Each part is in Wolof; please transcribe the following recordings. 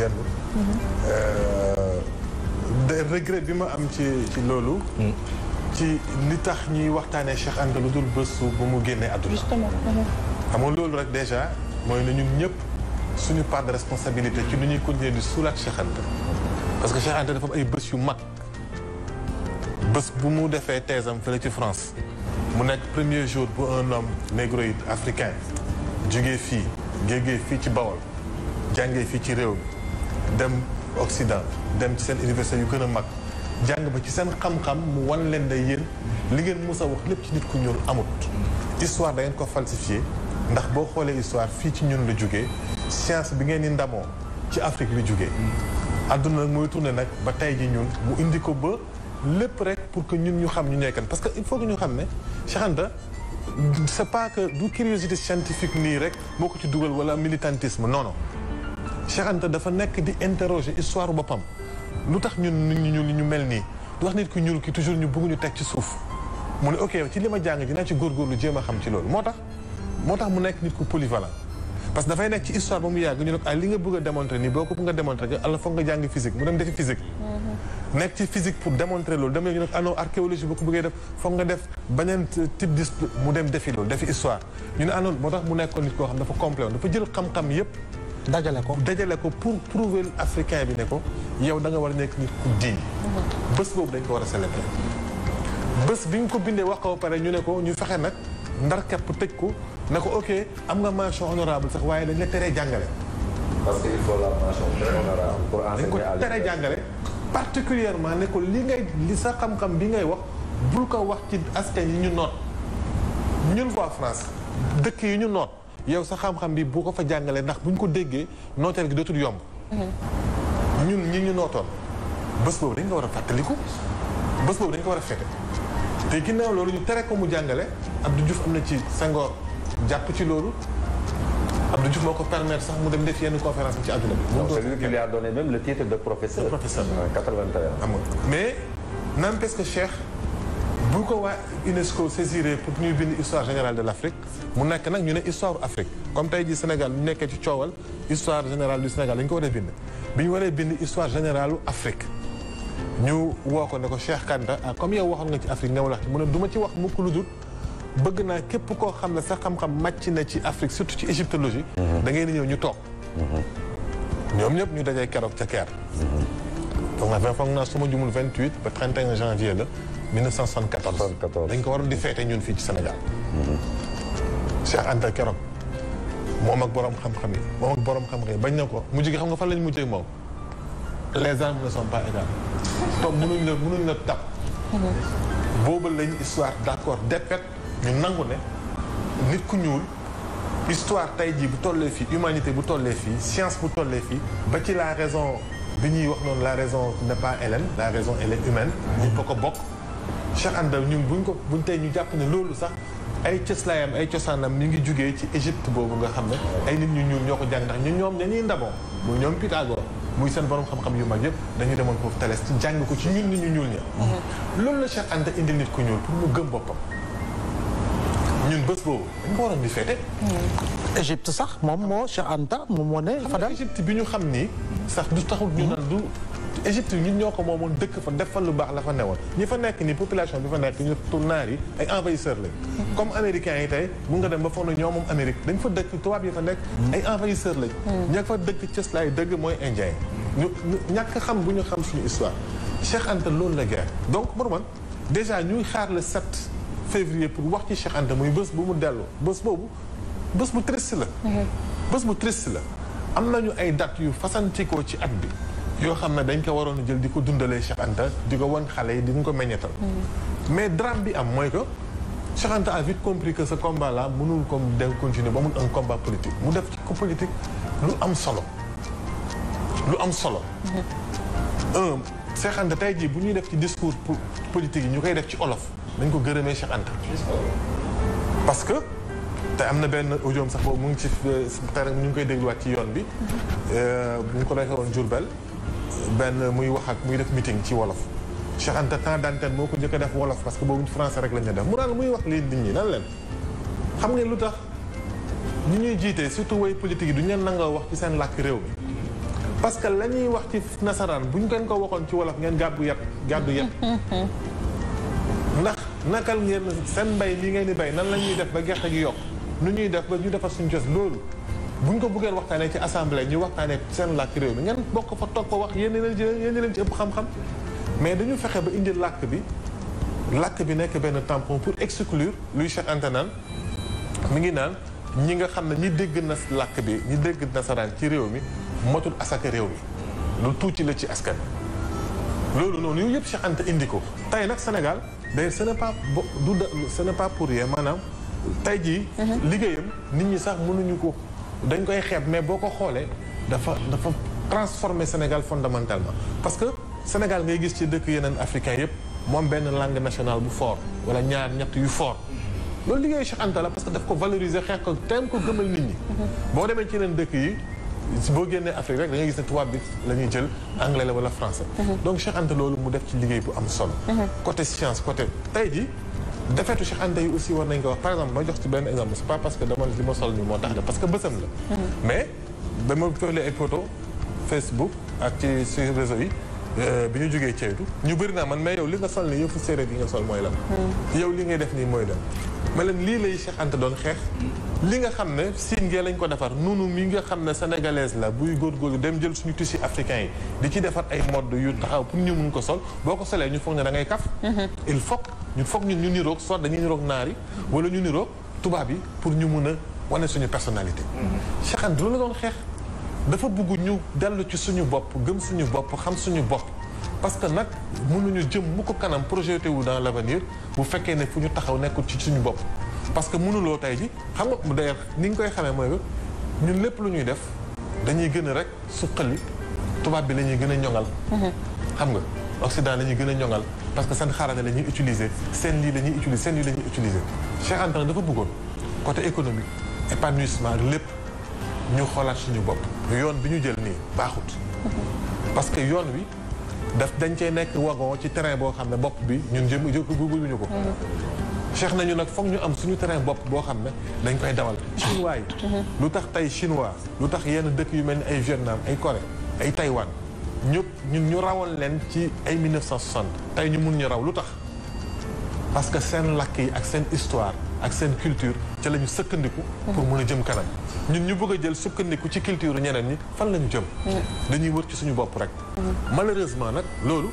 yenn euh, de regret bi ma am ci ci loolu mm. ci li tax ñuy waxtaanee Cheikh Anta lu dul bésu ba mu génnee àdduna mm-hmm. xam nga loolu rek déjà mooy na ñun ñëpp suñu part de responsabilité ci lu ñuy continuer di suulaat Cheikh Anta parce que Cheikh Anta dafa am ay bës yu mag bés bu mu defee teesam fële ci France mu nekk premier jour bu un homme négroïde africain jugee fii géegee fii ci Bawol jàngee fii ci réew mi dem Occident dem ci seen université yu gën a mag jàng ba ci seen xam-xam mu wan leen da yéen li ngeen mës a wax lépp ci nit ku ñuul amut. histoire da ngeen ko falsifié ndax boo xoolee histoire fii ci ñun la jógee science bi ngeen di ndamoo ci Afrique la jógee. àdduna nag mooy tourné nag ba tey ji ñun mu indi ko ba lépp rek pour que ñun ñu xam ñu nekkan parce que il faut que ñu xam ne Cheikh Anta c'est pas que du curiosité scientifique nii rek boo ko ci dugal wala militantisme non non. Cheikh Anta dafa nekk di interroger histoire boppam lu tax ñun nit ñi ñu mel nii lu tax nit ku ñuul ki toujours ñu bëgg ñu teg ci suuf mu ne ok ci li ma jàng dinaa ci góorgóorlu jéem a xam ci loolu moo tax moo tax mu nekk nit ku polyvalent parce que dafay nekk ci ñu ah, li nga bëgg a démontrer nii boo ko bëgg a démontrer que allah foog nga jàng physique mu dem defi physique. Mm-hmm. nekk dem ñu ne ah non archéologie boo ko def foog nga def beneen type d'histoire mu dem defi loolu defi histoire ñu ne ah moo tax mu nekkoon nit koo xam dafa complet woon dafa jël xam-xam yépp dajale ko dajale ko pour prouver africain bi ne ko yow da nga war a nekk nit ku diin bés boobu dañ ko war a célébrer bés bi ñu ko bindee wax ko pare ñu ne ko ñu fexe nag ndar képp tëj ko ne ko ok am nga mention honorable sax waaye dañ la teree jàngale. parce que il faut la mention honorable pour enseigner à l'école dañ ko particulièrement ne ko li ngay li sa xam-xam bi ngay wax bul ko wax ci askan yi ñu noot ñun waa France dëkk yi ñu noot. yow sa xam-xam bi boo ko fa jàngalee ndax bu ñu ko déggee nooteel gi dootul yomb. ñun ñi ñu nootoon bés boobu dañ ko war a fàttaliku bés boobu dañ ko war a fete te ginnaaw loolu ñu tere ko mu jàngale du juf am na ci Senghor jàpp ci loolu Abdou Diouf moo ko permettre sax mu dem def yenn conférence ci àdduna bi. moom c'est lui qui lui a donné même le titre de professeur. professeur 93 mais n'empêche que Cheikh. bu ko waa UNESCO saisiré pour ñuy bind histoire générale de l' Afrique mu nekk nag ñu ne histoire Afrique comme tey jii Sénégal ñu nekkee ci coowal histoire générale du Sénégal dañu ko war a bind bi ñu waree bind histoire générale Afrique ñu woo ko ne ko Cheikh Kanta ah, comme yow waxoon nga ci Afrique nga ma mu ne duma ci wax mukk lu dul bëgg naa képp koo xam ne sa xam-xam màcc na ci Afrique surtout ci égyptologie mhm. da ngay ñëw ñu toog mhm. ñoom ñëpp ñu dajee keroog ca Caire mhm. donc na naa su ma jumul 28 ba 31 janvier 1974. 1974 dañ ko war a di feete ñun fii ci Sénégal. Mm-hmm. Cheikh Anta Keroog moom ak borom xam-xam yi moom ak borom xam-xam yi bañ na ko mujj gi xam nga fan lañ mujjee moom les armes ne sont pas égales. toog mënuñ la mënuñ la tap. Mm-hmm. booba lañ histoire d'accord défaite ñu nangu ne nit ku ñuul. histoire tey jii bu tollee fii humanité bu tollee fii science bu tollee fii ba ci la raison bi ñuy wax noonu la raison n'est pas hélène la raison elle est humaine ñu ko ko bokk Cheikh Anta ñun buñ ko buñ tey ñu jàpp ne loolu sax ay cëslaayam ay cosaanam mi ngi jógee ci Égypte boobu nga xam ne ay nit ñu ñuul ñoo ko jàng ndax ñun ñoom dañuy ndamoo muy ñoom Pythagore muy seen borom xam-xam yu mag yëpp dañu demoon foofu Thalès ci jàng ko ci ñun nit ñu ñuul ña mm-hmm. loolu la Cheikh Anta indil nit ku ñuul pour mu gëm boppam ñun bés boobu dañ ko waroon di féete mm-hmm. Égypte sax moom moo Cheikh Anta moom moo ne Fadal Égypte bi ñu xam ni sax du taxul ñu naan du Égypte ñun ñoo ko moomoon dëkk fa def fa lu baax la fa newoon ñi fa nekk ni population bi fa nekk ñu naar yi ay envahisseur lañ comme américains yi tey mun nga dem ba foog na ñoo moom Amérique dañ fa dëkk tubaab yi fa nekk ay envahisseur lañ hmm. ña fa dëkk ay dëgg mooy indien yi ñu ñàkk xam bu ñu xam suñu histoire Cheikh Anta loolu la guerre donc pour man déjà ñuy xaar le 7 février pour wax ci Cheikh Anta muy bés bu mu dellu bés boobu bés bu triste la hmm. bés bu triste la am nañu ay dates yu fasantikoo ci at bi yoo xam ne dañ ko waroon a jël di ko dundalee Cheikh Anta di ko wan xale yi di ko meññetal. Mm. mais drame bi am mooy que Cheikh Anta a vite compris que ce combat là mënul comme dem continuer ba mun un combat mu def ci ko politique lu am solo lu am solo. Mm-hmm. un tey jii bu ñuy def ci discours politique yi ñu koy def ci olof dañ ko gërëmee Cheikh Anta. parce que te am na benn audio sax boobu mu ngi ci euh, per ñu ngi koy dégluwaat ci yoon bi. bu mm-hmm. euh, ñu ko defee woon benn muy wax ak muy def meeting ci wolof Cheikh Anta temps d'antenne moo ko njëkk a def wolof parce que boobu français rek la ñu def mu naan muy wax ñi nan leen xam ngeen lu tax ñu ñuy jiite surtout way politique yi duñu leen nangoo wax ci seen làkk réew mi parce que la ñuy wax ci nasaraan bu ñu ngeen ko waxoon ci wolof ngeen gàddu yet gàddu yet ndax nakal ngeen seen mbay li ngeen di bay nan la ñuy def ba gerte gi yokk nu ñuy def ba ñu defar suñu cos loolu buñ ko bëggee waxtaanee ci assemblée ñu waxtaanee seen làkk réew mi ngeen bokk fa toog ko wax yéen leen ci yéen leen ci ëpp xam-xam mais dañu fexe ba indi làkk bi làkk bi nekk benn tampon pour exclure luy Cheikh Anta naan mi ngi naan ñi nga xam ne ñi dégg na làkk bi ñi dégg nasaraan ci réew mi motul asaka réew mi lu tuuti la ci askan loolu noonu yooyu yëpp Cheikh indi ko tey nag Sénégal day ce n'est pas du ce n'est pas pour rien maanaam tey jii mhm. liggéeyam nit ñi sax mënuñu ko dañ koy xeet mais boo ko xoolee dafa dafa transformer Sénégal fondamentalement parce que Sénégal ngay gis ci dëkk yeneen africain yëpp moom benn langue nationale bu fort wala ñaar ñett yu fort loolu liggéey Cheikh Anta la parce que daf ko valoriser xeex ko teen ko gëmal nit ñi boo demee ci yeneen dëkk yi si boo génnee Afrique rek da gis ne tubaab bi la ñuy jël anglais la wala français mhm. donc Cheikh Anta loolu mu def ci liggéey bu am solo mhm. côté science côté te ji defetu Cheikh Anta yi aussi war nañ ko wax par exemple ma jox ci benn exemple c'est pas parce que dama li ma sol nii moo tax la parce que bësam la hmm. mais photo Facebook ak ci réseau yi Euh, bi ñu jógee ceytu ñu bëri naa man mais yow li nga sol ni yëfu séeréer yi nga sol mooy lan yow li ngay def nii mooy lan ma lii lay Cheikh Anta doon xeex li nga xam ne siin gee lañ ko defar noonu mi nga xam ne sénégalaise la buy góor góor góorgóorlu dem jël suñu tissu africain yi di ci defar ay mode yu taxaw pour ñu mun ko sol boo ko solee ñu foog ne da ngay kaf mhm. il faut ñu foog ñun ñu niroog soit dañuy niroog naar yi wala ñu niroog tubaab yi pour ñu mun a wane suñu personnalité mhm. Cheikh dafa bëgg ñu dellu ci suñu bopp gëm suñu bopp xam suñu bopp parce que nag mënuñu jëm mu ko kanam projeté wu dans l' avenir bu fekkee ne fu ñu taxaw nekkul ci suñu bopp. parce que mënuloo tey ji xam nga d'ailleurs ni nga koy xamee mooy ñun lépp lu ñuy def dañuy gën a rek suqali tubaab bi la ñuy gën a ñoŋal. Mm-hmm. xam nga Occident la ñuy gën a ñoŋal parce que seen xarala la ñuy utiliser seen lii la ñuy utiliser seen lii la ñuy utiliser Cheikh Anta dafa bëggoon côté économique épanouissement lépp ñu xoolaat suñu bopp. yoon bi ñu jël nii baaxut parce que yoon wi daf dañ cee nekk wagon ci terrain boo xam ne bopp bi ñun jëm jëguñu ko cheikh nañu nag foog ñu am suñu terrain bopp boo xam ne dañ koy dawal chinois yi lu tax tey chinois lu tax yenn dëkk yu mel ni ay Vietnam ay Corée ay Taïwan ñëpp ñun ñu rawal leen ci ay 1960 tey ñu mun ñu raw lu tax parce que seen lakk yi ak seen histoire ak seen culture ca la ñu sëkkandiku pour mun a jëm kanam ñun ñu bëgg a jël sukkandiku ci culture ñeneen ñi fan la ñu jëm dañuy wër ci suñu bopp rek malheureusement nag loolu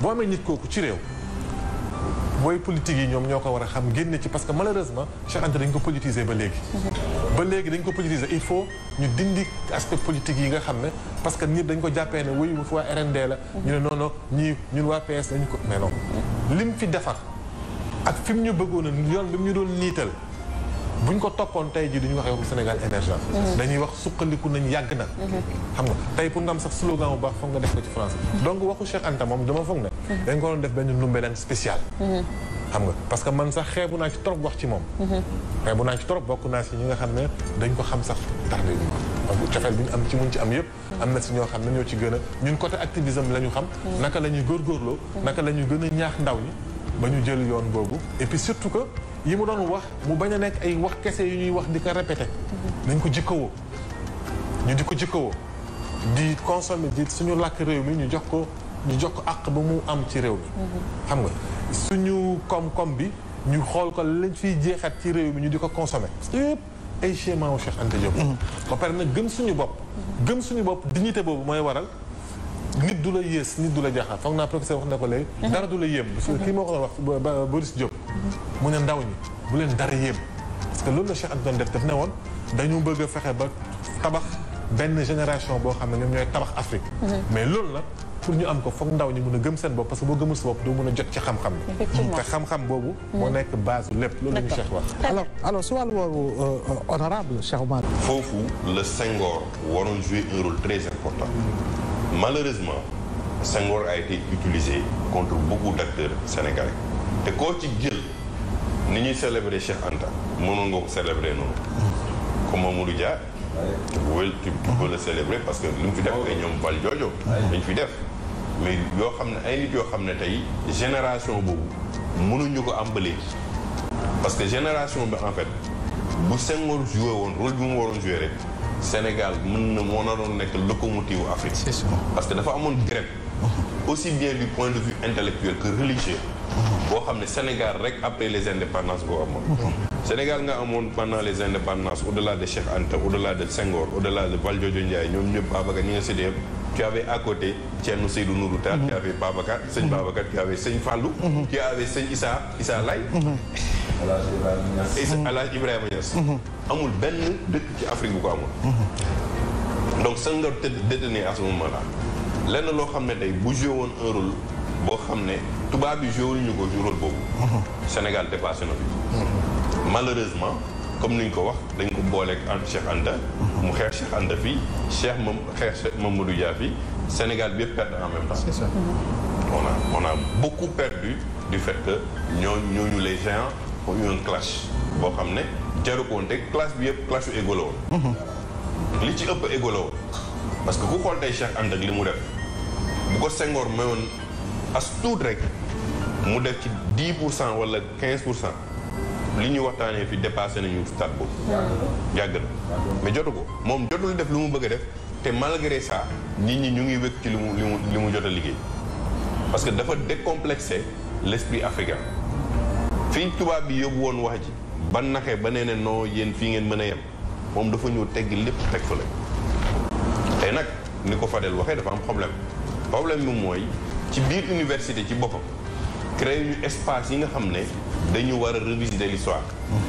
boo amee nit kooku ci réew mooy politique yi ñoom ñoo ko war a xam génne ci parce que malheureusement Cheikh dañ ko politiser ba léegi ba léegi dañ ko politiser il faut ñu dindi aspect politique yi nga xam ne parce que ñëpp dañ ko jàppee ne wuyu fu waa RND la ñu ne non non ñii ñun waa PS dañu ko mais non lim fi defar fi mu ñu bëggoon a yoon bi mu ñu doon niital bu ñu ko toppoon tey jii du waxee wax yoonu Sénégal émergent mm-hmm. dañuy wax suqaliku nañ yàgg na mm-hmm. xam nga tey pour nga am sax slogan bu baax foog nga def ko ci France mm-hmm. donc waxu Cheikh Anta moom dama foog ne dañ ko doon def benn numbelaan spécial xam nga parce que man sax xeebu naa ci wax ci moom xeebu naa ci trop bokk naa si ñi nga xam ne dañ ko xam sax tax bi cofeel bi ñu am ci mun ci am yëpp am na si ñoo xam ne ñoo ci gën a ñun côté activisme la ñu xam naka la ñuy góorloo naka la ñuy gën ñaax ndaw ñi ba ñu jël yoon boobu et puis surtout que yi mu doon wax mu bañ a nekk ay wax kese yu ñuy wax di ko répété nañ ko jikkawoo ñu di ko jikkawoo di consommer di suñu làkk réew mi ñu jox ko ñu jox ko àq ba mu am ci réew mi xam nga suñu koom-koom bi ñu xool ko lañ fiy jeexat ci réew mi ñu di ko consommer yëpp ay schéma wu Cheikh Anta Diop mm-hmm. pare nag gëm suñu bopp gëm suñu bopp di dignité boobu mooy waral nit du la yées nit du la jaaxal foog naa professeur wax na ko léegi. Mhm. dara du la yéem. kii moo ko doon wax Boris Diop. Mhm. mu ne ndaw ñi bu leen dara yéem. parce que loolu la Cheikh Anta doon def ne woon dañu bëgg fexe ba tabax benn génération boo xam ne ñoom ñooy tabax Afrique. Mhm. mais loolu nag pour ñu am ko foog ndaw ñi mën a gëm seen bopp parce que boo gëmul sa bopp doo a jot ci xam-xam. effectivement xam-xam moo nekk base su lépp loolu la ñu Cheikh wax. alors alors su wàllu euh, euh, honorable Cheikh Omar. foofu le Senghor waroon jouer un très important. malheureusement Senghor ay été utilisé contre beaucoup d'acteurs sénégalais te koo ci jël ni ñuy célébrer Cheikh Anta mënoon nga ko célébrer noonu comme Mamadou Dia wel tu peux le célébrer parce que li mu fi def ay ñoom val joojo dañ fi def mais yoo xam ne ay nit yoo xam ne tey génération boobu mënuñu ko am ba parce que génération bi en fait bu Senghor joué woon rôle mu waroon joué rek Sénégal mën na moo doon nekk locomotive Afrique. c'est sûr parce que dafa amoon grève. Uh-huh. aussi bien du point de vue intellectuel que religieux. Uh-huh. boo xam ne Sénégal rek après les indépendances boo amoon. Uh-huh. Sénégal nga amoon pendant les indépendances au delà de Cheikh Anta au delà de Senghor au delà de Valdiodio Ndiaye ñoom ñëpp Babacar ñi nga séddee tu avais à côté Thierno Seydou Nourou Tall tu avais Babacar sëñ Babacar tu avais sëñ Fallou tu avais sëñ Issa Issa Lay Alaaji amul benn dëkk ci Afrique bu ko amul donc sën nga détenir à ce moment lenn loo xam ne tey bu joué woon un rôle boo xam ne tubaab bi joué wuñu ko rôle boobu Sénégal dépassé malheureusement comme ni ko wax dañ ko booleeg ak Cheikh Anta. mu xeex Cheikh Anta fii Cheikh moom xeex Mamadou Dia fii Sénégal bi yëpp perdre en même temps. c'est ça. on a on perdu du fait que ñooñu ñooñu les géants ont eu clash boo xam ne jaru ko woon te clash bi yëpp clashu égo la woon. Mhm. li ci ëpp égo la woon parce que ku xool tey Cheikh Anta ak li mu def bu ko Senghor mayoon as tuut rek mu def ci dix pour cent wala quinze pour cent. li ñuy waxtaanee fi dépassé nañu stade boobu. yàgg na mais jotu ko moom jotul def lu mu bëgg a def te malgré ça nit ñi ñu ngi wékk ci li mu li mu mu jot a liggéey parce que dafa décomplexé l'esprit africain fii tubaab bi yóbbu woon wax ji ba naxee ba nee ne non yéen fii ngeen mën a yem moom dafa ñëw tegg lépp teg fa la tey nag ni ko Fadel waxee dafa am problème problème bi mooy ci biir université ci boppam créé ñu espace yi nga xam ne dañu war a revisiter l'histoire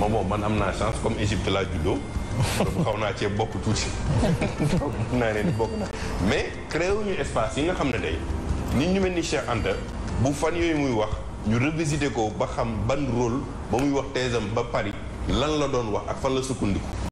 ma moom man am na chance comme Égypte laa juddoo bu xaw naa cee bokk tuuti naa ne bokk na mais créé wuñu espace yi nga xam ne tey nit ñu mel ni Cheikh Anta bu fan yooyu muy wax ñu revisiter ko ba xam ban rôle ba muy wax teesam ba Paris lan la doon wax ak fan la sukkandiku